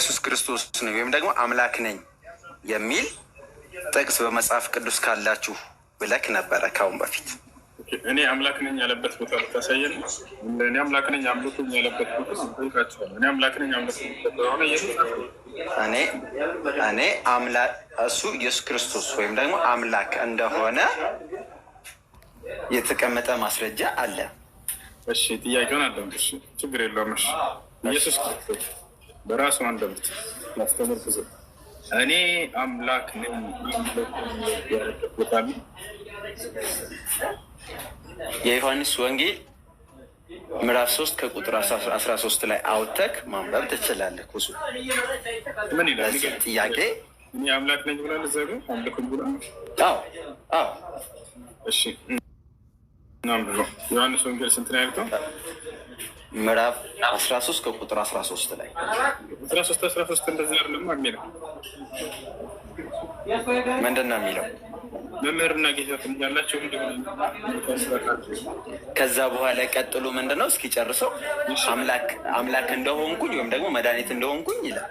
ኢየሱስ ክርስቶስ ነኝ ወይም ደግሞ አምላክ ነኝ የሚል ጥቅስ በመጽሐፍ ቅዱስ ካላችሁ ብለክ ነበረ ካሁን በፊት። እኔ አምላክ ነኝ ያለበት ቦታ ብታሳየን። እኔ አምላክ ነኝ አምልኩኝ ያለበት ቦታ ይቃቸዋል። እኔ አምላክ ነኝ እኔ እኔ እሱ ኢየሱስ ክርስቶስ ወይም ደግሞ አምላክ እንደሆነ የተቀመጠ ማስረጃ አለ። እሺ ጥያቄውን አለ ችግር የለውም። እሺ ኢየሱስ ክርስቶስ በራሱ አንደበት ማስተምር ጊዜ እኔ አምላክ ነኝ የዮሐንስ ወንጌል ምዕራፍ ሶስት ከቁጥር አስራ ሶስት ላይ አውተክ ማንበብ ትችላለህ። ኩሱ ምን ይላል? ጥያቄ እኔ አምላክ ነኝ ብላል። እዛ ጋ አምልክ ብላ። አዎ አዎ፣ እሺ። ዮሐንስ ወንጌል ስንት ነው ያልከው? ምዕራፍ 13 ከቁጥር 13 ላይ 13 የሚለው ምንድን ነው የሚለው? መምህርና ጌታ ያላቸው ከዛ በኋላ ቀጥሎ ምንድን ነው እስኪጨርሰው አምላክ እንደሆንኩኝ ወይም ደግሞ መድኃኒት እንደሆንኩኝ ይላል።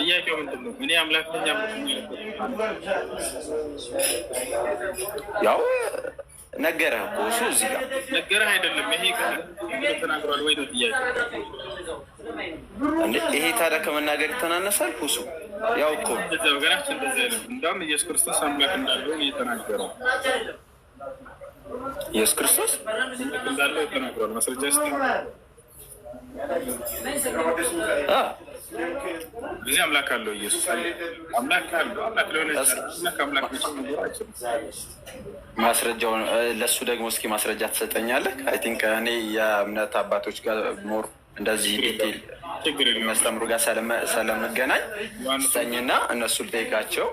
ጥያቄው ምንድን ነው? እኔ አምላክ ያው ነገረህ እኮ እሱ እዚህ ጋር ነገረህ አይደለም። ይሄ ይሄ ታዲያ ከመናገር ይተናነሳል? ሱ ያው እኮ በገራችን ኢየሱስ ክርስቶስ አምላክ እንዳለው የተናገረው ኢየሱስ ክርስቶስ እንዳለው ተናግሯል። ማስረጃ ስ እዚህ አምላክ አለው። ኢየሱስ ማስረጃውን ለእሱ ደግሞ እስኪ ማስረጃ ትሰጠኛለህ? አይ ቲንክ እኔ የእምነት አባቶች ጋር ሞር እንደዚህ ዲቴል መስተምሩ ጋር ስለምገናኝ ስጠኝና እነሱ ልጠይቃቸው።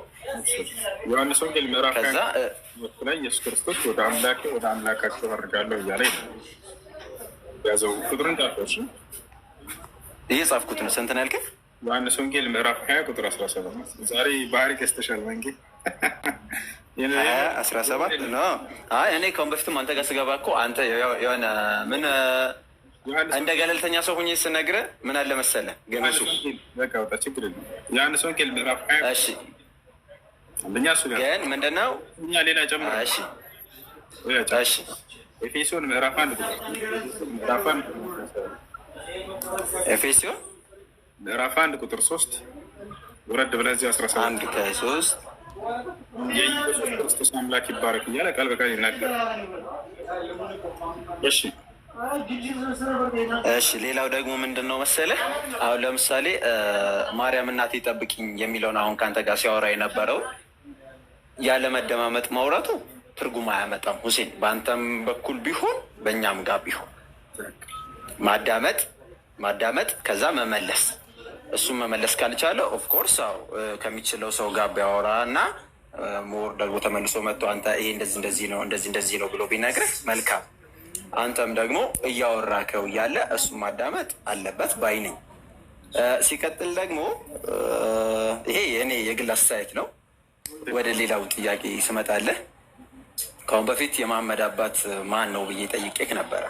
ዮሐንስ ወንጌል ምዕራፍ ከዛ ላይ ኢየሱስ ክርስቶስ ወደ አምላክ ወደ አምላካቸው አድርጋለሁ እያለ ያዘው ቁጥሩን ጣፈሽ እየጻፍኩት ነው። ስንት ነው ያልከኝ? ዮሐንስ ወንጌል ምዕራፍ ሀያ ቁጥር አስራ ሰባት ዛሬ ባህሪ ገዝተሻል። ወንጌል አስራ ሰባት ነው። አይ እኔ ከሁን በፊትም አንተ ጋር ስገባ እኮ አንተ የሆነ ምን እንደ ገለልተኛ ሰው ሁኜ ስነግረ ምን አለ መሰለህ ገመሱ ዮሐንስ ወንጌል ምዕራፍ ሀያ ግን ምንድን ነው ሌላ ጨምሮ ኤፌሶን ምዕራፍ አንድ ምዕራፍ አንድ ኤፌሶን ምዕራፍ አንድ ቁጥር ሶስት ውረድ ብለህ እዚህ አስራ ሰባት አንድ ከሶስት የኢየሱስ ክርስቶስ አምላክ ይባረክ እያለ ቃል በቃል ይናገር። እሺ እሺ ሌላው ደግሞ ምንድን ነው መሰለህ፣ አሁን ለምሳሌ ማርያም እናቴ ጠብቂኝ የሚለውን አሁን ከአንተ ጋር ሲያወራ የነበረው ያለ መደማመጥ ማውራቱ ትርጉም አያመጣም። ሁሴን፣ በአንተም በኩል ቢሆን በእኛም ጋር ቢሆን ማዳመጥ ማዳመጥ፣ ከዛ መመለስ። እሱም መመለስ ካልቻለ ኦፍኮርስ ው ከሚችለው ሰው ጋር ቢያወራ እና ሞር ደግሞ ተመልሶ መጥቶ አንተ ይሄ እንደዚህ እንደዚህ ነው እንደዚህ እንደዚህ ነው ብሎ ቢነግርህ መልካም። አንተም ደግሞ እያወራከው እያለ እሱም ማዳመጥ አለበት ባይ ነኝ። ሲቀጥል ደግሞ ይሄ የእኔ የግል አስተያየት ነው። ወደ ሌላው ጥያቄ ስመጣለህ ከአሁን በፊት የማመድ አባት ማን ነው ብዬ ጠይቄክ ነበረ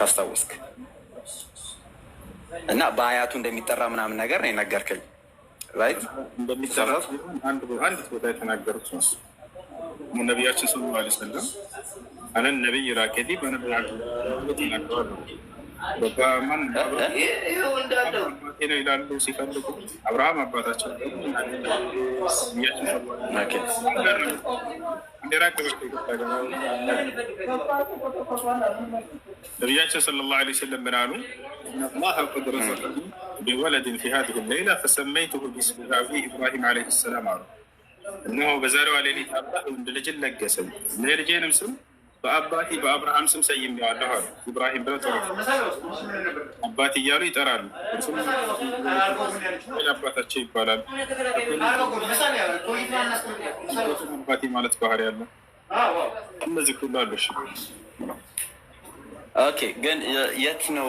ካስታወስክ እና በአያቱ እንደሚጠራ ምናምን ነገር ነው የነገርክኝ። አንድ ቦታ የተናገሩት ነው ነቢያችን ስለ ላ ሰለም አለን ነቢይ ራኬቲ በነቢያ ተናገሯል። ይላሉ ሲፈልጉ አብርሃም አባታቸው ነቢያቸው ሰለላሁ ዐለይሂ ወሰለም ምን አሉ? ላ ቀድ ቢወለድን ፊ ሀዚሂ ሌይላ ፈሰመይቱሁ ቢስሚ ኢብራሂም ዐለይሂ ሰላም አሉ። እነሆ በዛሬዋ ሌሊት አላህ ወንድ ልጅን ለገሰኝ ልጄንም ስም በአባቴ በአብርሃም ስም ሰይሜዋለሁ አሉ። ኢብራሂም ብለው ጠሩ አባት እያሉ ይጠራሉ። እርሱም አባታቸው ይባላል። አባቴ ማለት ባህሪ ያለ እነዚህ ሁሉ አሉ። ኦኬ፣ ግን የት ነው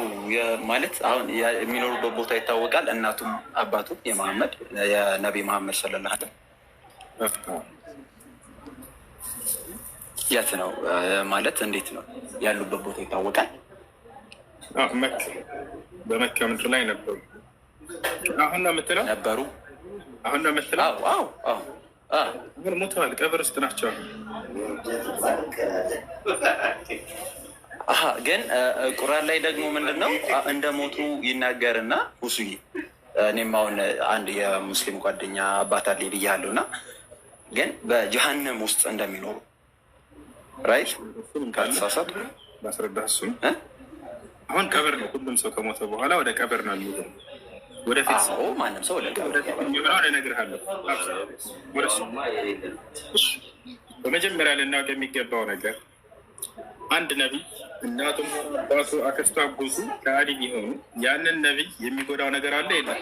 ማለት አሁን የሚኖሩበት ቦታ ይታወቃል። እናቱም አባቱ የመሐመድ የነቢ መሐመድ ሰለላ የት ነው ማለት እንዴት ነው? ያሉበት ቦታ ይታወቃል? በመካ ምድር ላይ ነበሩ። አሁን ነው የምትለው? ነበሩ። አሁን ነው የምትለው? ግን ሞተዋል። ቀብር ውስጥ ናቸው። ግን ቁራን ላይ ደግሞ ምንድን ነው እንደ ሞቱ ይናገርና ሁሱይ እኔም አሁን አንድ የሙስሊም ጓደኛ አባት አለኝ ብያለሁ እና ግን በጀሃነም ውስጥ እንደሚኖሩ ራይት ካልተሳሳት ላስረዳ። እሱ አሁን ቀብር ነው። ሁሉም ሰው ከሞተ በኋላ ወደ ቀብር ነው የሚሄደው። ወደፊት ማንም ሰው በመጀመሪያ ልናውቅ የሚገባው ነገር አንድ ነቢይ እናቱም አባቱ አክስቱ አጎቱ ከሃዲ ቢሆኑ ያንን ነቢይ የሚጎዳው ነገር አለ የለም?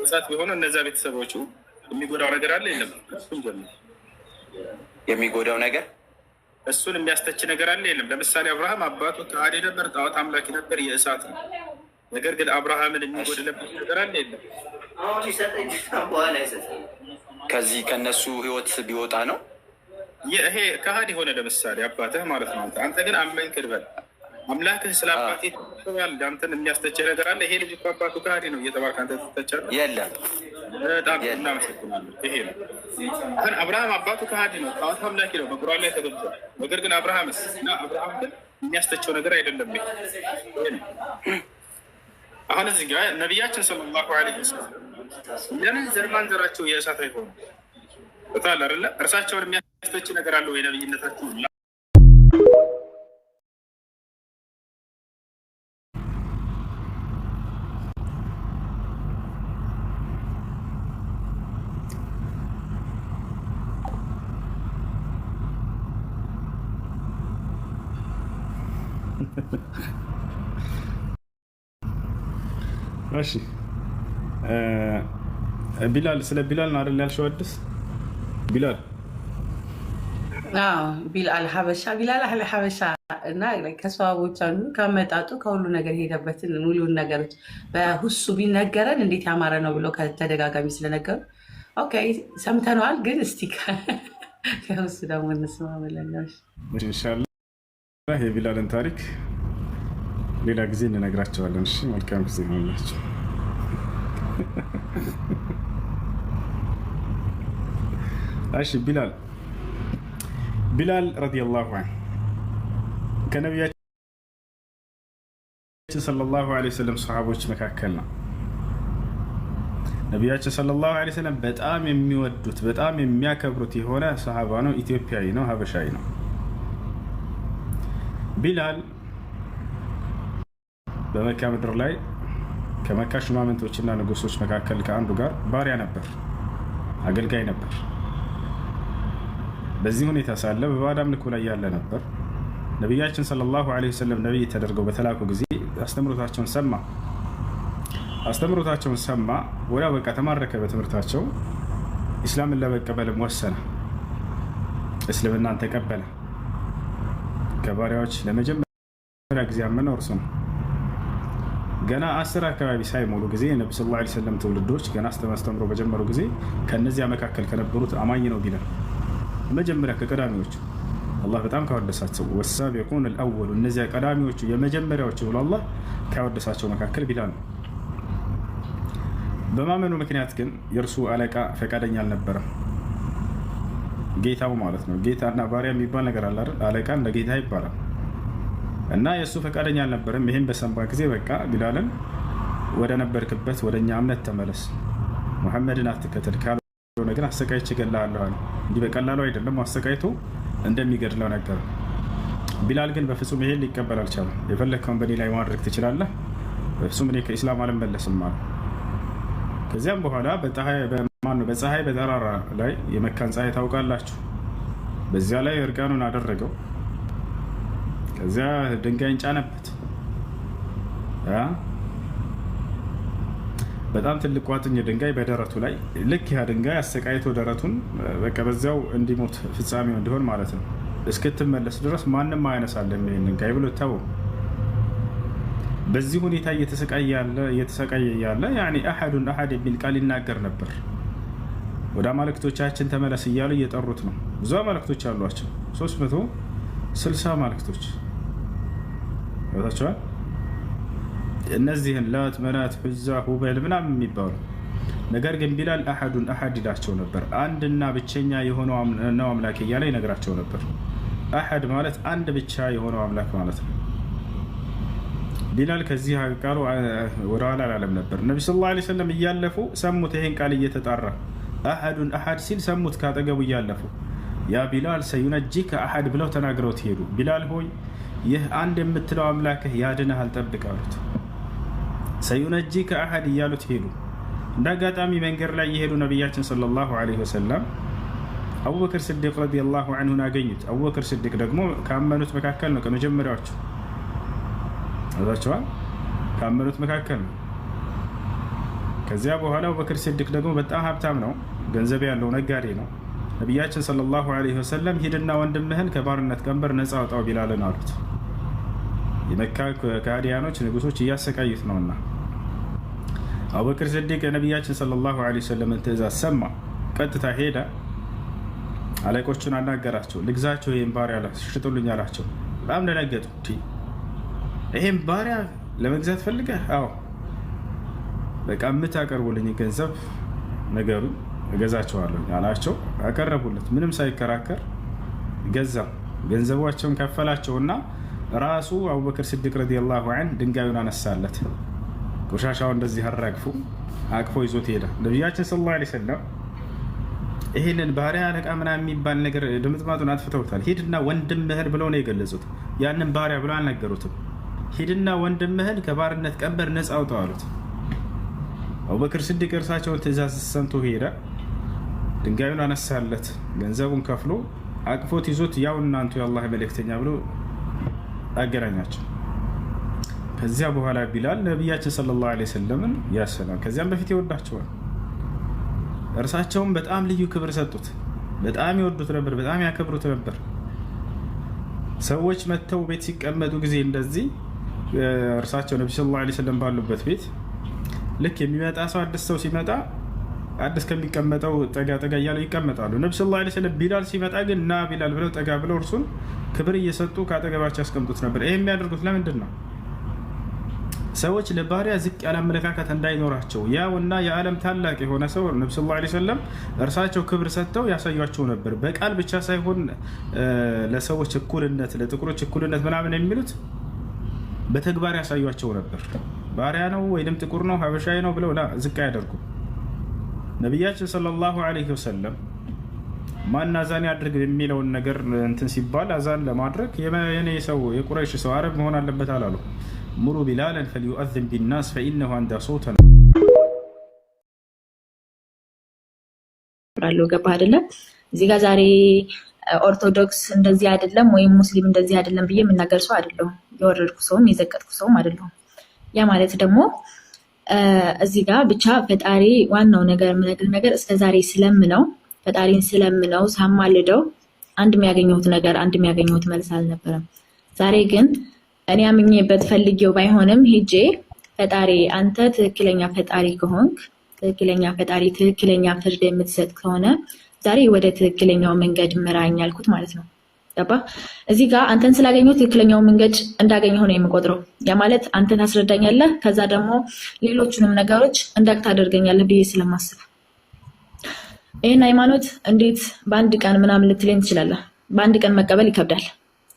ወሳት ቢሆኑ እነዚያ ቤተሰቦቹ የሚጎዳው ነገር አለ የለም? ጀምር የሚጎዳው ነገር እሱን የሚያስተች ነገር አለ የለም። ለምሳሌ አብርሃም አባቱ ከሃዲ ነበር፣ ጣዖት አምላኪ ነበር፣ የእሳት ነው። ነገር ግን አብርሃምን የሚጎድለበት ነገር አለ የለም። ከዚህ ከነሱ ህይወት ቢወጣ ነው ይሄ ከሃዲ ሆነ። ለምሳሌ አባትህ ማለት ነው። አንተ ግን አመንክ ልበል አምላክህ ስለ አባቴ ያለ አንተን የሚያስተቸ ነገር አለ። ይሄ ልጅ እኮ አባቱ ከሃዲ ነው እየተባልክ አንተ ትተቻለህ። የለም በጣም እናመሰግናለን። ይሄ ነው ግን አብርሃም አባቱ ከሃዲ ነው፣ ጣዖት አምላኪ ነው፣ በቁርአን ላይ ተገልጿል። ነገር ግን አብርሃምስ እና አብርሃም ግን የሚያስተቸው ነገር አይደለም። አሁን እዚህ ጋ ነቢያችን ሰለላሁ ዐለይሂ ወሰለም ለምን ዘር ማንዘራቸው የእሳት አይሆኑ እታል አይደለ? እርሳቸውን የሚያስተች ነገር አለ ወይ እሺ ቢላል፣ ስለ ቢላል ነው አይደል ያልሽው? አዲስ ቢላል ቢላል ሀበሻ ቢላል አህለ ሀበሻ እና ከሰዋቦች አንዱ ከመጣጡ ከሁሉ ነገር ሄደበትን ሙሉውን ነገሮች በሁሱ ቢነገረን እንዴት ያማረ ነው ብሎ ከተደጋጋሚ ስለነገሩ ኦኬ ሰምተነዋል። ግን እስቲ ከሁሱ ደግሞ እንስማ ብለን ነው። የቢላልን ታሪክ ሌላ ጊዜ እንነግራቸዋለን። እሺ፣ መልካም ጊዜ ሆንላቸው። እሺ፣ ቢላል ቢላል ረዲየላሁ አንሁ ከነቢያችን ሰለላሁ ዐለይሂ ወሰለም ሰሓቦች መካከል ነው። ነቢያችን ሰለላሁ ዐለይሂ ወሰለም በጣም የሚወዱት በጣም የሚያከብሩት የሆነ ሰሃባ ነው። ኢትዮጵያዊ ነው፣ ሀበሻዊ ነው። ቢላል በመካ ምድር ላይ ከመካ ሹማምንቶችና ንጉሶች መካከል ከአንዱ ጋር ባሪያ ነበር፣ አገልጋይ ነበር። በዚህ ሁኔታ ሳለ በባዕድ አምልኮ ላይ ያለ ነበር። ነቢያችን ሰለላሁ ዐለይሂ ወሰለም ነቢይ ተደርገው በተላኩ ጊዜ አስተምሮታቸውን ሰማ። አስተምሮታቸውን ሰማ። ወዲያው በቃ ተማረከ በትምህርታቸው። ኢስላምን ለመቀበልም ወሰነ። እስልምናን ተቀበለ። ከባሪያዎች ለመጀመሪያ ጊዜ ያመነው እርሱ ነው። ገና አስር አካባቢ ሳይሞሉ ጊዜ ነቢ ስ ላ ሰለም ትውልዶች ገና አስተማስተምሮ በጀመሩ ጊዜ ከእነዚያ መካከል ከነበሩት አማኝ ነው ቢለን መጀመሪያ ከቀዳሚዎቹ አላህ በጣም ካወደሳቸው ወሳቢቁን አልአወሉ እነዚያ ቀዳሚዎቹ የመጀመሪያዎቹ ብሎ አላህ ካወደሳቸው መካከል ቢላል ነው። በማመኑ ምክንያት ግን የእርሱ አለቃ ፈቃደኛ አልነበረም። ጌታው ማለት ነው። ጌታና ባሪያ የሚባል ነገር አለ። አለቃ እንደ ጌታ ይባላል። እና የእሱ ፈቃደኛ አልነበረም። ይህን በሰንባ ጊዜ በቃ ቢላልን ወደ ነበርክበት ወደ እኛ እምነት ተመለስ፣ ሙሐመድን አትከተል፣ ካልሆነ ነገር አሰቃይቼ እገድልሃለሁ አለ። እንዲህ በቀላሉ አይደለም አሰቃይቶ እንደሚገድለው ነገር። ቢላል ግን በፍጹም ይሄን ሊቀበል አልቻለም። የፈለግከውን በእኔ ላይ ማድረግ ትችላለህ፣ በፍጹም እኔ ከኢስላም አልመለስም አለ። ከዚያም በኋላ በጣ ማነው በፀሐይ በተራራ ላይ የመካን ፀሐይ ታውቃላችሁ። በዚያ ላይ እርቃኑን አደረገው። ከዚያ ድንጋይን ጫነበት። በጣም ትልቅ ቋጥኝ ድንጋይ በደረቱ ላይ ልክ ያ ድንጋይ አሰቃይቶ ደረቱን በቃ በዚያው እንዲሞት ፍጻሜው እንዲሆን ማለት ነው። እስክትመለስ ድረስ ማንም አያነሳለም ይህን ድንጋይ ብሎ ተው። በዚህ ሁኔታ እየተሰቃየ ያለ አሐዱን አሐድ የሚል ቃል ይናገር ነበር። ወደ አማልክቶቻችን ተመለስ እያሉ እየጠሩት ነው። ብዙ አማልክቶች አሏቸው፣ 360 አማልክቶች ታቸዋል። እነዚህን ላት፣ መናት፣ ሑዛ፣ ሁበል ምናምን የሚባሉ ነገር ግን ቢላል አሐዱን አሐድ ይላቸው ነበር። አንድና ብቸኛ የሆነው አምላክ እያለ ይነግራቸው ነበር። አሐድ ማለት አንድ ብቻ የሆነው አምላክ ማለት ነው። ቢላል ከዚህ ቃሉ ወደኋላ አላለም ነበር። ነቢ ስ ላ ሰለም እያለፉ ሰሙት፣ ይህን ቃል እየተጣራ አሐዱን አሐድ ሲል ሰሙት ካጠገቡ እያለፉ ያ ቢላል ሰዩነጂ ከአሐድ ብለው ተናግረው ትሄዱ ቢላል ሆይ ይህ አንድ የምትለው አምላክህ ያድነህ አልጠብቅ አሉት። ሰዩነጂ ከአሐድ እያሉት ሄዱ። እንደ አጋጣሚ መንገድ ላይ የሄዱ ነቢያችን ሰለላሁ ዐለይሂ ወሰለም አቡበክር ስዲቅ ረዲየላሁ አንሁን አገኙት። አቡበክር ስዲቅ ደግሞ ካመኑት መካከል ነው፣ ከመጀመሪያዎቹ ዛቸዋል፣ ካመኑት መካከል ነው። ከዚያ በኋላ አቡበክር ሲድቅ ደግሞ በጣም ሀብታም ነው፣ ገንዘብ ያለው ነጋዴ ነው። ነቢያችን ሰለላሁ አለይሂ ወሰለም ሂድና ወንድምህን ከባርነት ቀንበር ነፃ አውጣው ቢላልን አሉት። የመካ ከሃዲያኖች ንጉሶች እያሰቃዩት ነውና አቡበክር ሲድቅ የነቢያችን ሰለላሁ አለይሂ ወሰለምን ትእዛዝ ሰማ። ቀጥታ ሄደ፣ አለቆቹን አናገራቸው። ልግዛቸው ይህም ባሪያ ሽጡልኝ አላቸው። በጣም ደነገጡ። ይህም ባሪያ ለመግዛት ፈልገህ? አዎ በቃ የምታቀርቡልኝ ገንዘብ ነገሩ እገዛቸዋለሁ አላቸው። አቀረቡለት። ምንም ሳይከራከር ገዛ። ገንዘባቸውን ከፈላቸውና ራሱ አቡበክር ስዲቅ ረዲየላሁ ዐንሁ ድንጋዩን አነሳለት። ቆሻሻው እንደዚህ አራግፉ አቅፎ ይዞት ሄደ። ነቢያችን ሰለላሁ ዐለይሂ ወሰለም ይህንን ባሪያ አለቃ ምናምን የሚባል ነገር ድምጥማጡን አጥፍተውታል። ሂድና ወንድምህን ብለው ነው የገለጹት። ያንን ባሪያ ብለው አልነገሩትም። ሂድና ወንድምህን ከባርነት ቀንበር ነፃ አውጣው አሉት። አቡበክር ስዲቅ እርሳቸውን ትእዛዝ ሰምቶ ሄደ። ድንጋዩን አነሳለት፣ ገንዘቡን ከፍሎ አቅፎት ይዞት ያው እናንቱ የአላህ መልእክተኛ ብሎ አገናኛቸው። ከዚያ በኋላ ቢላል ነቢያችን ሰለላሁ ዓለይሂ ወሰለምን ያሰላም ከዚያም በፊት ይወዳቸዋል። እርሳቸውም በጣም ልዩ ክብር ሰጡት። በጣም ይወዱት ነበር፣ በጣም ያከብሩት ነበር። ሰዎች መጥተው ቤት ሲቀመጡ ጊዜ እንደዚህ እርሳቸው ነቢ ሰለላሁ ዓለይሂ ወሰለም ባሉበት ቤት ልክ የሚመጣ ሰው አዲስ ሰው ሲመጣ አዲስ ከሚቀመጠው ጠጋ ጠጋ እያለው ይቀመጣሉ። ነቢ ስ ላ ስለም ቢላል ሲመጣ ግን ና ቢላል ብለው ጠጋ ብለው እርሱን ክብር እየሰጡ ከአጠገባቸው ያስቀምጡት ነበር። ይህ የሚያደርጉት ለምንድን ነው? ሰዎች ለባሪያ ዝቅ ያለ አመለካከት እንዳይኖራቸው ያውና የዓለም ታላቅ የሆነ ሰው ነቢ ስ ላ ስለም እርሳቸው ክብር ሰጥተው ያሳያቸው ነበር። በቃል ብቻ ሳይሆን ለሰዎች እኩልነት፣ ለጥቁሮች እኩልነት ምናምን የሚሉት በተግባር ያሳያቸው ነበር። ባሪያ ነው ወይም ጥቁር ነው ሀበሻዊ ነው ብለው ላ ዝቅ አያደርጉም። ነቢያችን ሰለላሁ አለይሂ ወሰለም ማን አዛን ያድርግ የሚለውን ነገር እንትን ሲባል አዛን ለማድረግ የኔ ሰው የቁረይሽ ሰው አረብ መሆን አለበት አላሉ። ሙሩ ቢላለን ፈሊዩአዝን ቢናስ ፈኢነሁ አንዳ ሶተ ነው ራለው ገባ አይደለም። እዚህ ጋር ዛሬ ኦርቶዶክስ እንደዚህ አይደለም ወይም ሙስሊም እንደዚህ አይደለም ብዬ የምናገር ሰው አይደለሁም። የወረድኩ ሰውም የዘቀጥኩ ሰውም አይደለሁም። ያ ማለት ደግሞ እዚህ ጋር ብቻ ፈጣሪ ዋናው ነገር የምነግር ነገር እስከ ዛሬ ስለምነው ፈጣሪን ስለምነው ሳማልደው አንድ የሚያገኘሁት ነገር አንድ የሚያገኘሁት መልስ አልነበረም። ዛሬ ግን እኔ አምኜበት ፈልጌው ባይሆንም ሄጄ ፈጣሪ አንተ ትክክለኛ ፈጣሪ ከሆንክ ትክክለኛ ፈጣሪ ትክክለኛ ፍርድ የምትሰጥ ከሆነ ዛሬ ወደ ትክክለኛው መንገድ ምራኝ ያልኩት ማለት ነው። ገባ እዚህ ጋር አንተን ስላገኘው ትክክለኛው መንገድ እንዳገኘሁ ነው የምቆጥረው። ያ ማለት አንተን ታስረዳኛለህ፣ ከዛ ደግሞ ሌሎቹንም ነገሮች እንዳቅ ታደርገኛለህ ብዬ ስለማስብ ይህን ሃይማኖት እንዴት በአንድ ቀን ምናምን ልትለኝ ትችላለህ። በአንድ ቀን መቀበል ይከብዳል።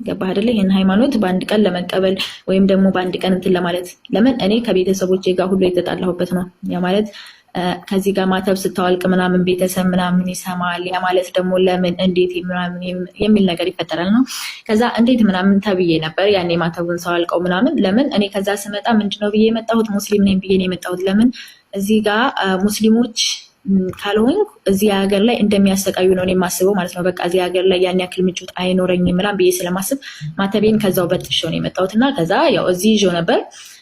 ገባ አደለ? ይህን ሃይማኖት በአንድ ቀን ለመቀበል ወይም ደግሞ በአንድ ቀን እንትን ለማለት ለምን እኔ ከቤተሰቦቼ ጋር ሁሉ የተጣላሁበት ነው። ያ ማለት ከዚህ ጋር ማተብ ስታወልቅ ምናምን ቤተሰብ ምናምን ይሰማል። ያ ማለት ደግሞ ለምን እንዴት ምናምን የሚል ነገር ይፈጠራል ነው። ከዛ እንዴት ምናምን ተብዬ ነበር ያኔ ማተቡን ሳወልቀው ምናምን ለምን እኔ ከዛ ስመጣ ምንድነው ብዬ የመጣሁት ሙስሊም ነኝ ብዬ ነው የመጣሁት። ለምን እዚህ ጋር ሙስሊሞች ካልሆኝ እዚህ ሀገር ላይ እንደሚያሰቃዩ ነው የማስበው ማለት ነው። በቃ እዚህ ሀገር ላይ ያን ያክል ምቾት አይኖረኝም ምናምን ብዬ ስለማስብ ማተቤን ከዛው በጥሼ ነው የመጣሁት እና ከዛ ያው እዚህ ይዤው ነበር